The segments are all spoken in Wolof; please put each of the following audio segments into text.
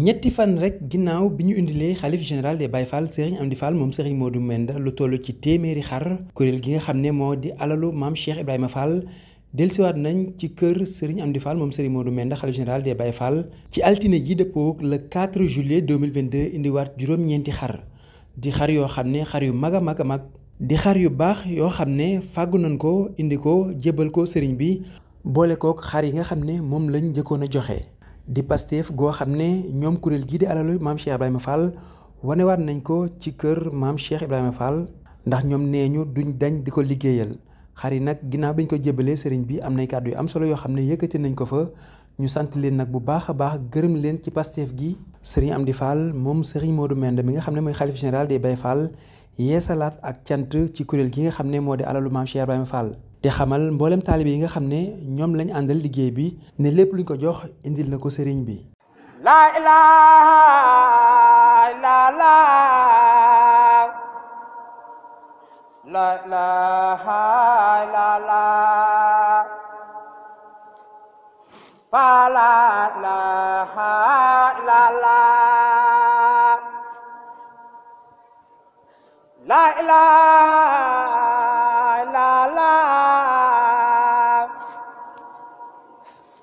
ñetti fan rek ginnaaw bi ñu indilee xalif général des Baye Fall Serigne Amdi Fall moom Serigne Modou Mbenda lu toll ci téeméeri xar kuréel gi nga xam ne moo di alalu maam Cheikh Ibrahima Fall dellusiwaat nañ ci kër Serigne Amdi Fall moom Serigne Modou Mbenda xalif général des Baye Fall ci altine ji dëppoo le 4 juillet 2022 indiwaat juróom xar di xar yoo xam ne xar yu mag a mag a mag di xar yu baax yoo xam ne fàggu nañ ko indi ko jébbal ko sëriñ bi boole kook xar yi nga xam ne moom lañ njëkkoon a joxe. di Pastef goo xam ne ñoom kuréel gii di alalu maam Cheikh Ibrahima wane waat nañ ko ci kër maam Cheikh Ibrahima Fall ndax ñoom nee ñu duñ dañ di ko liggéeyal xar yi nag ginnaaw bi ñu ko jébalee sëriñ bi am nay kàddu yu am solo yoo xam ne yëkkati nañ ko fa ñu sant leen nag bu baax a baax gërëm leen ci Pastef gi. sëriñ di Fall moom sëriñ Modou Mende mi nga xam ne mooy xalif général des Baye Fall yeesalaat ak cant ci kuréel gi nga xam ne moo di alalu maam Cheikh Ibrahima te xamal mboolem taalibe yi nga xam ne ñoom lañu àndal liggéey bi ne lépp luñ ko jox indil na ko sëriñ bi laa ilaaha illallaah laa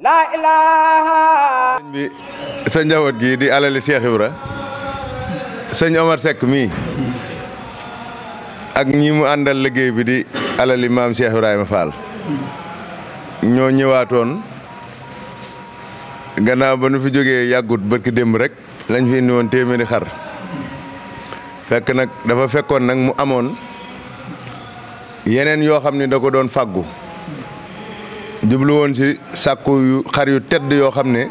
laa ilaaha sëñ bi sa njaboot gi di alali Cheikh Ibra sëñ Omar Seck mii ak ñi mu àndal liggéey bi di alali maam Cheikh Ibrahima Fall ñoo ñëwaatoon gannaaw ba nu fi jógee yàggut barki démb rek lañ fi indi woon téeméeri xar fekk nag dafa fekkoon nag mu amoon yeneen yoo xam ni da ko doon fàggu jublu si sàkku yu xar yu tedd yoo xam ne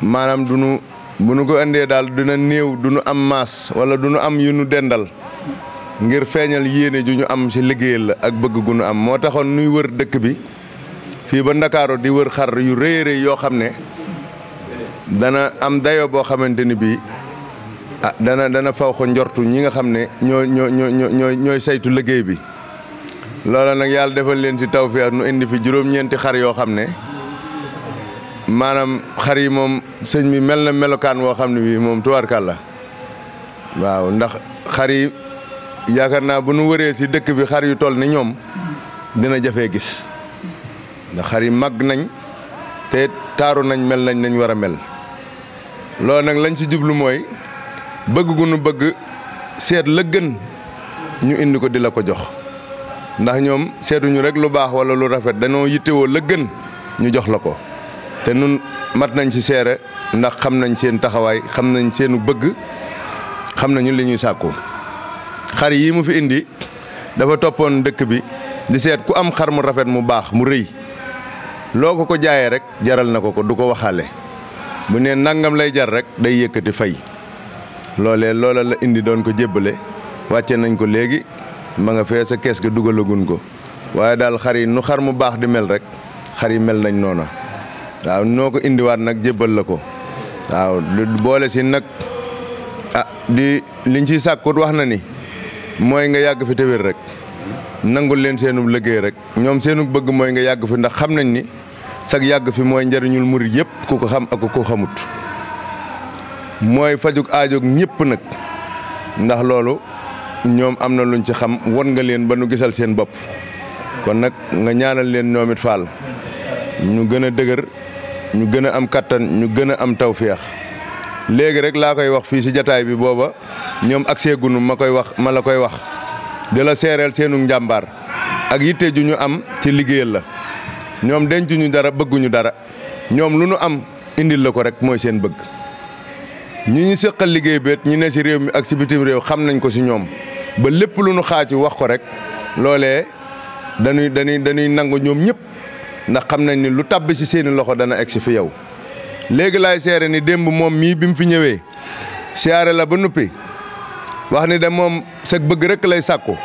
maanaam du nu bu nu ko indee daal dina néew du nu am maas wala du nu am yu nu dendal ngir feeñal yéene ju ñu am si liggéeyal la ak bëgg gu nu am moo taxoon nuy wër dëkk bi fii ba ndakaaru di wër xar yu rëy rëy yoo xam ne dana am dayo boo xamante ni bii ah dana dana faw ko njortu ñi nga xam ne ñoo ñooy saytu liggéey bi loola nag yàlla defal leen ci tawfeex nu indi fi juróom-ñeenti xar yoo xam ne maanaam xar yi moom sëñ bi mel na melokaan woo xam ne wii moom tubaarkàlla waaw ndax xar yi yaakaar naa bu nu wëree si dëkk bi xar yu toll ni ñoom dina jafee gis ndax xar yi màgg nañ te taaru nañ mel nañ nañ war a mel loolu nag lañ ci jublu mooy bëgg gu nu bëgg seet la gën ñu indi ko di la ko jox ndax ñoom seetuñu rek lu baax wala lu rafet dañoo yittewoo la gën ñu jox la ko te nun mat nañ ci seere ndax xam nañ seen taxawaay xam nañ seenu bëgg xam nañu li ñuy sàkku xar yii mu fi indi dafa toppoon dëkk bi di seet ku am xar mu rafet mu baax mu rëy loo ko ko jaayee rek jaral na ko ko du ko waxaale bu nee nangam lay jar rek day yëkkati fay loolee loola la indi doon ko jébbale wàcce nañ ko léegi ma nga fee sa kees ga dugalagun ko waaye daal xar yi nu xar mu baax di mel rek xar yi mel nañ noona waaw noo ko indiwaat nag jébbal la ko waaw boole si nag a ah, di liñ ciy sàkkut wax na ni mooy nga yàgg fi téwér rek nangul leen seenu liggéey rek ñoom seenu bëgg mooy nga yàgg fi ndax xam nañ ni sag yàgg fi mooy njariñul murit yëpp ku ko xam ak ku ko xamut mooy fajuk aajoog ñëpp nag ndax loolu ñoom am na luñ ci xam won nga leen ba nu gisal seen bopp kon nag nga ñaanal leen ñoom it faal ñu gën a dëgër ñu gën a am kattan ñu gën a am tawféex léegi rek laa koy wax fii si jataay bi booba ñoom ak seegunu ma koy wax ma la koy wax di la seereel seenu njàmbaar ak yitte ju ñu am ci liggéeyal la ñoom dencuñu dara bëgguñu dara ñoom lu nu am indil la ko rek mooy seen bëgg ñi ñu sëqal liggéey beet ñi ne si réew mi ak si bitim réew xam nañ ko si ñoom ba lépp lu nu xaaju wax ko rek loolee dañuy dañuy dañuy nangu ñoom ñëpp ndax xam nañ ni lu tàbbi si seeni loxo dana egg si fi yow. léegi laay seere ni démb moom mii bi mu fi ñëwee siyaare la ba nuppi wax ni de moom sa bëgg rek lay sàkku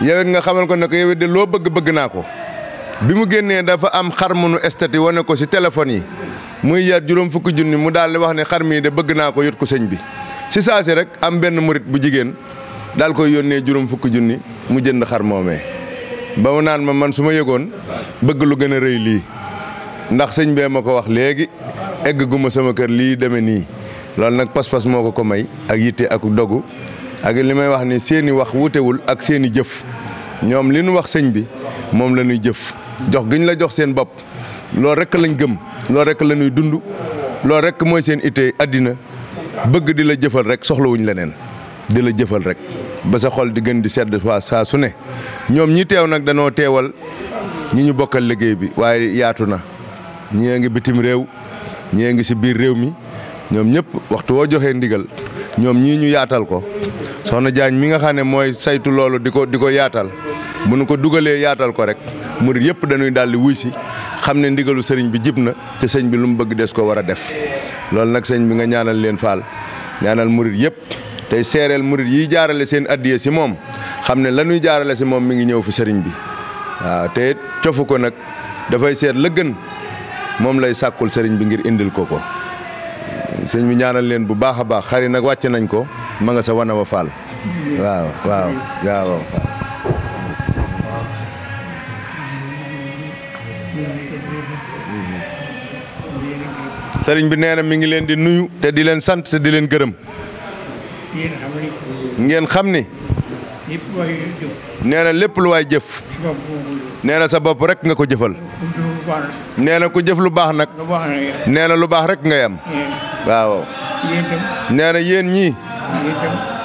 yow nga xamal ko ne ko yow it de loo bëgg bëgg naa ko. bi mu génnee dafa am xar mu nu estati wane ko si téléphone yi muy yar juróom fukki junni mu daal di wax ne xar mii de bëgg naa ko yot ko sëñ bi ci saasi rek am benn murit bu jigéen. daal koy yónnee juróom fukki junni mu jënd xar moomee ba mu naan ma man su ma yëgoon bëgg lu gën a rëy lii ndax sëñ bee ma ko wax léegi egg gu sama kër lii demee nii loolu nag pas-pas moo ko ko may ak yitte ak dogu ak li may wax ni seeni wax wutewul ak seeni jëf ñoom li nu wax sëñ bi moom la ñuy jëf jox gi ñu la jox seen bopp loolu rek lañ gëm loolu rek la ñuy dund loolu rek mooy seen ittee àddina bëgg di la jëfal rek soxlawuñ leneen. di la jëfal rek ba sa xol di gën di sedd waa saa su ne ñoom ñi teew nag danoo teewal ñi ñu bokkal liggéey bi waaye yaatu na ñi ngi bitim réew ñi ngi si biir réew mi ñoom ñëpp waxtu woo joxee ndigal ñoom ñii ñu yaatal ko soxna Jaañ mi nga xam ne mooy saytu loolu di ko di ko yaatal bu nu ko dugalee yaatal ko rek murit yëpp dañuy daal di wuy si xam ne ndigalu sëriñ bi jib na te sëñ bi lu mu bëgg des ko war a def loolu nag sëñ bi nga ñaanal leen faal ñaanal murit yëpp tey seereel murit yi jaarale seen addiye si moom xam ne la jaarale si moom mi ngi ñëw fi sëriñ bi waaw te cofu ko nag dafay seet la gën moom lay sàkkul sëriñ bi ngir indil ko ko sëñ bi ñaanal leen bu baax a baax xari nag wàcce nañ ko ma nga sa wana wa faal waaw bi nee na mi ngi leen di nuyu te di leen sant te di leen gërëm ngeen xam ni. neena lépp lu waay jëf. neena na sa bopp rek nga ko jëfal. neena ko jëf lu baax nag. neena lu baax rek ngay am. waaw. nee na yéen ñii.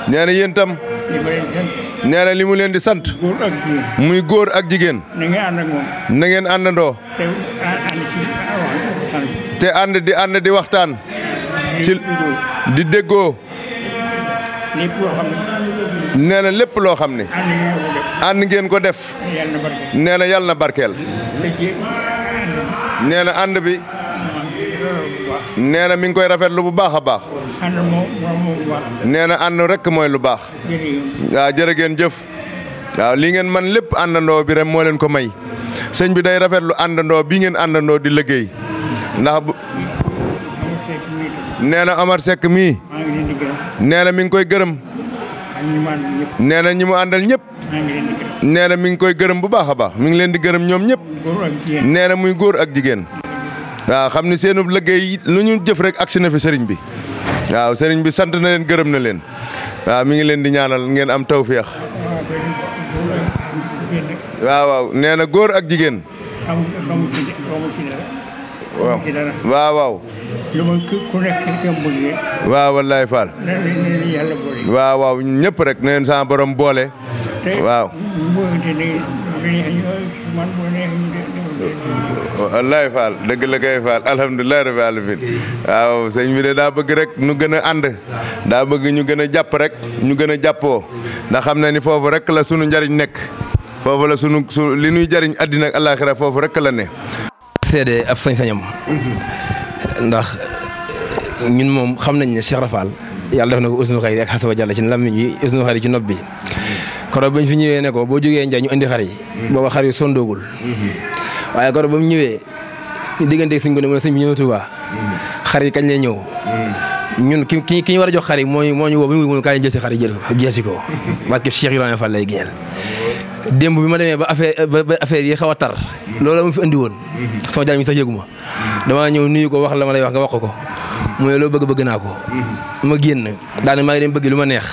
nee na yéen tam. nee na li mu leen di sant. muy góor ak jigéen. na ngeen àndandoo. te ànd di ànd di waxtaan. ci di déggoo. nee na lépp loo xam ne. ànd ngeen ko def. nee na yàlla na barkeel. nee na ànd bi. nee na mi ngi koy rafetlu bu baax a baax. nee na ànd rek mooy lu baax. waaw jërë jëf. waaw lii ngeen man lépp àndandoo bi rek moo leen ko may. sëñ bi day rafetlu àndandoo bii ngeen àndandoo di liggéey ndax nee na Amar Seck mii. nee mi ngi koy gërëm. nee na ñi mu àndal ñëpp. nee mi ngi koy gërëm bu baax a baax mi ngi leen di gërëm ñoom ñëpp. muy góor ak jigéen. waaw xam ni seenu liggéey lu ñu jëf rek agsi na fi sëriñ bi. waaw sëriñ bi sant na leen gërëm na leen. waaw mi ngi leen di ñaanal ngeen am tawféex. waaw waaw nee na góor ak jigéen. waaw waaw waaw. lu waaw waaw waaw rek na leen boole. waaw. wallaay Fall dëgg la kay Fall alhamdulilah waaw sëñ bi de daa bëgg rek nu gën a ànd daa bëgg ñu gën a jàpp rek ñu gën a jàppoo ndax xam na ni foofu rek la sunu njariñ nekk foofu la sunu li ñuy jariñ àddina ak foofu rek la ne. seede ab sañ-sañam. ndax ñun moom xam nañ ne Cheikh Rafal yàlla def na ko usnu xayri ak xasaba ci làmmiñ wi usnu xayri ci nopp bi. koroog bañ fi ñëwee ne boo jógee Njaay ñu indi yi. booba xar yi waaye koroog ba mu ñëwee ñu digganteeg suñ ko ne ma ne sëñ bi ñëw yi kañ lay ñëw. ñun ki ki ki war a xar yi moo ñu moo ñu woo ba mu mën kaa leen jël si xar yi jël ko jeesi ko. parce que Cheikh Ibrahima Fall lay démb bi ma demee ba affaire affaire yi xaw a tar loolu mu fi andi woon sama jaam yi sax yëguma damaa ñëw nuyu ko wax la ma lay wax nga wax ko mu loo bëgg bëgg naa ko ma génn daane maa ngi dem bëgg lu ma neex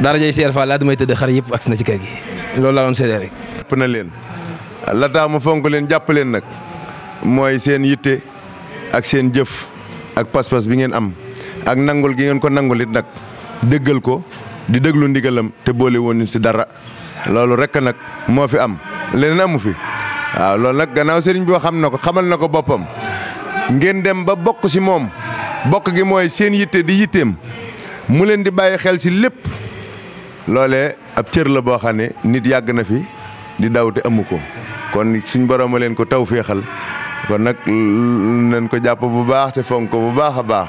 daara jay seer fa laa damay tëdd xar yëpp agsi na ci kër gi loolu laa doon seedee rek jàpp na leen la tax ma fonk leen jàpp leen nag mooy seen yitte ak seen jëf ak pas bi ngeen am ak nangul gi ngeen ko nangul nag dëggal ko di déglu ndigalam te boole woon ci dara loolu rek nag moo fi am leneen amu fi waaw loolu nag gannaaw sëriñ bi xam na ko xamal na ko boppam ngeen dem ba bokk si moom bokk gi mooy seen yitte di yitteem mu leen di bàyyi xel si lépp loole ab cër la boo xam ne nit yàgg na fi di daw te amu ko kon suñ borom leen ko taw féexal kon nag nañ ko jàpp bu baax te fonk bu baax a baax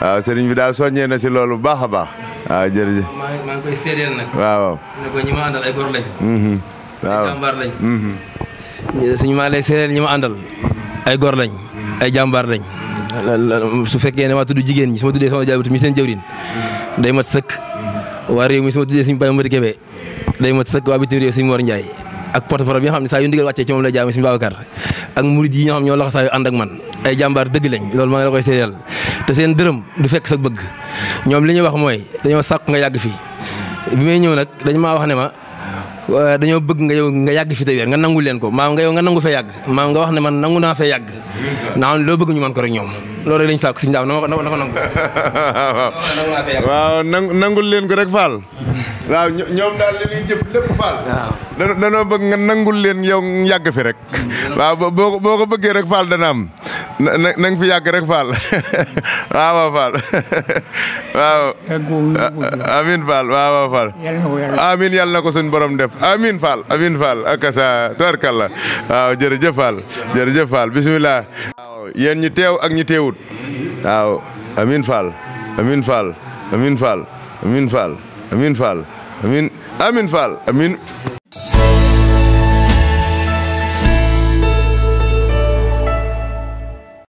waaw sëriñ bi daal soññee na si loolu bu baax a baax. waaw ah, jërëjëf. maa ngi maa ngi koy ko ñi ma àndal ay góor lañ. Mhm. waaw ay jàmbaar lañ. Mhm. suñu maa lay seedeel ma àndal. ay góor lañ. ay jàmbaar lañ. su fekkee ne maa tudd jigéen ñi su ma tuddee sama mi seen jëwrin day mat sëkk. waa réew mi su ma tuddee suñu Baye Mody day mat sëkk waa bitim réew suñu Mor ak porte-parole bi nga xam ne saa yu ndigal wàccee ci moom lay jaam suñu Babacar ak murid yi ñoo xam ñoo laxasaayu ànd ak man ay jàmbaar dëgg lañ loolu maa ngi te seen dërëm du fekk sa bëgg ñoom li ñuy wax mooy dañoo sàkk nga yàgg fii bi may ñëw nag dañu maa wax ne ma dañoo bëgg nga yow nga yàgg fi te weer nga nangul leen ko maam nga yow nga nangu fee yàgg maam nga wax ne man nangu naa fee yàgg naa loo bëgg ñu mën ko rek ñoom loolu rek sàkk si ndaaw na ko na ko nangu leen ko rek Fall waaw ñoom daal li ñuy jëf lépp danoo bëgg nga nangul leen yow yàgg fi rek waaw boo ko bëggee rek Fall dana am na na fi yàgg rek Fall waaw waaw waaw. Ah, ah, amiin Fall waaw waaw Fall. amiin ko suñ borom def amiin Fall amiin Fall ak sa tubarkalla waaw jërëjëf Fall jërëjëf bisimilah. waaw yéen ñu teew ak ñu teewut waaw amiin Fall amiin Fall amiin Fall amiin Fall amiin Fall amiin amiin Fall amiin.